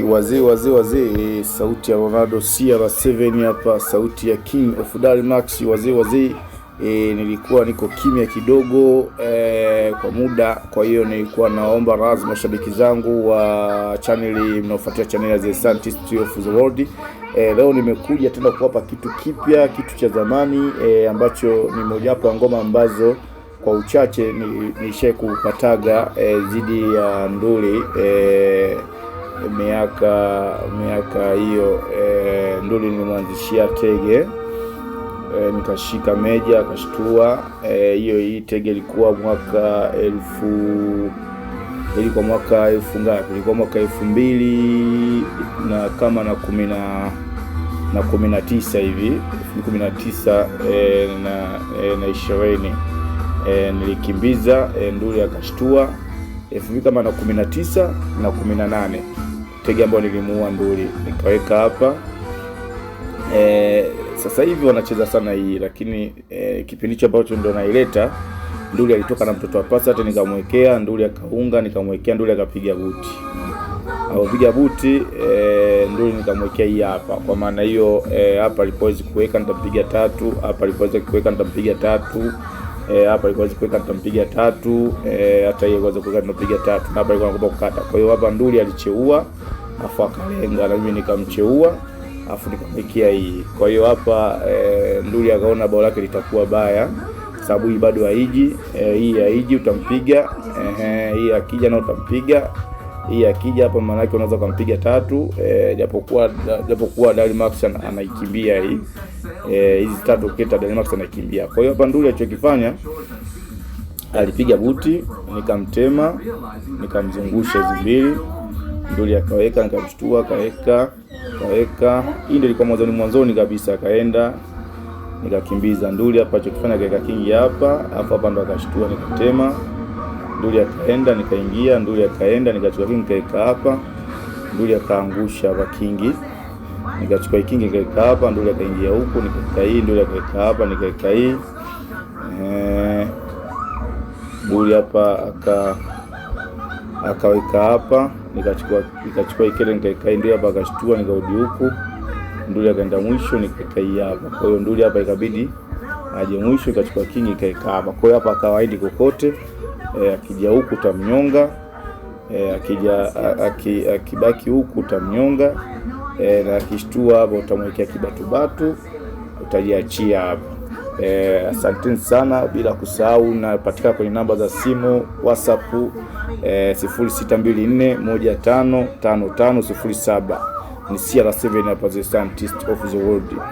Wazee wazee wazee, sauti ya Ronaldo CR7 hapa, sauti ya King of Max. Wazee wazee, e, nilikuwa niko kimya kidogo e, kwa muda. Kwa hiyo nilikuwa naomba radhi mashabiki zangu wa chaneli mnaofuatia channel ya The Sun of the World. E, leo nimekuja tena kuwapa kitu kipya, kitu cha zamani e, ambacho ni mojawapo ya ngoma ambazo kwa uchache nishe kupataga e, zidi ya Nduli e, miaka miaka hiyo e, eh, Nduli nilimwanzishia tege e, nikashika meja akashtua eh, hiyo. E, hii tege ilikuwa mwaka elfu ilikuwa mwaka elfu ngapi? Ilikuwa mwaka elfu mbili na kama na kumi na na kumi na tisa hivi kumi na tisa e, na, e, na ishirini e, nilikimbiza e, Nduli akashtua elfu mbili kama na kumi na tisa na kumi na nane tege ambayo nilimuua nduli nikaweka hapa e, sasa hivi wanacheza sana hii lakini e, kipindi hicho ambacho ndo naileta nduli alitoka na mtoto wa Pasat nikamwekea nduli akaunga nikamwekea nduli akapiga buti alipiga buti e, nduli nikamwekea hii hapa. Kwa maana hiyo hapa e, hapa alipowezi kuweka nitampiga tatu, hapa alipoweza kuweka nitampiga tatu Eh, hapa alikuwa kuweka tunampiga tatu, eh, hata yeye alikuwa kuweka tunampiga tatu, na hapa ilikuwa anakupa kukata. Kwa hiyo hapa nduli alicheua, afu akalenga, na mimi nikamcheua, afu nikamwekea hii. Kwa hiyo hapa e, nduli akaona bao lake litakuwa baya sababu hii bado haiji, hii haiji, utampiga ehe, hii akija na utampiga hii akija hapa, maana yake unaweza kumpiga tatu e, japokuwa japokuwa Max anaikimbia hii e, hizi tatu ukita Max anaikimbia. Kwa hiyo hapa Nduli alichokifanya alipiga buti, nikamtema nikamzungusha hizi mbili, Nduli akaweka, nikamshtua, akaweka kaweka. Hii ndio ilikuwa mwanzoni mwanzoni kabisa, akaenda nikakimbiza Nduli hapa, alichokifanya kaeka kingi hapa, afu hapa ndo akashtua, nikatema nduli akaenda nikaingia, nduli akaenda nikachukua kingi nikaweka hapa, nduli akaangusha hapa kingi, nikachukua kingi nikaweka hapa, nduli akaingia huku nikaweka hii, nduli akaweka hapa nikaweka hii nduli hapa aka akaweka hapa, nikachukua nikachukua ikele nikaweka hii, nduli hapa akashtua, nikarudi huku, nduli akaenda mwisho nikaweka hii hapa. Kwa hiyo nduli hapa ikabidi mwisho ikachukua kingi hapa. Kwa hiyo hapa kawaidi kokote e, akija huku tamnyonga e, eh, akija akibaki huku tamnyonga e, eh, na akishtua hapo utamwekea kibatubatu utajiachia hapa. E, asanteni sana, bila kusahau napatikana kwenye namba za simu WhatsApp e, 0624155507 ni CR7 representant of the world.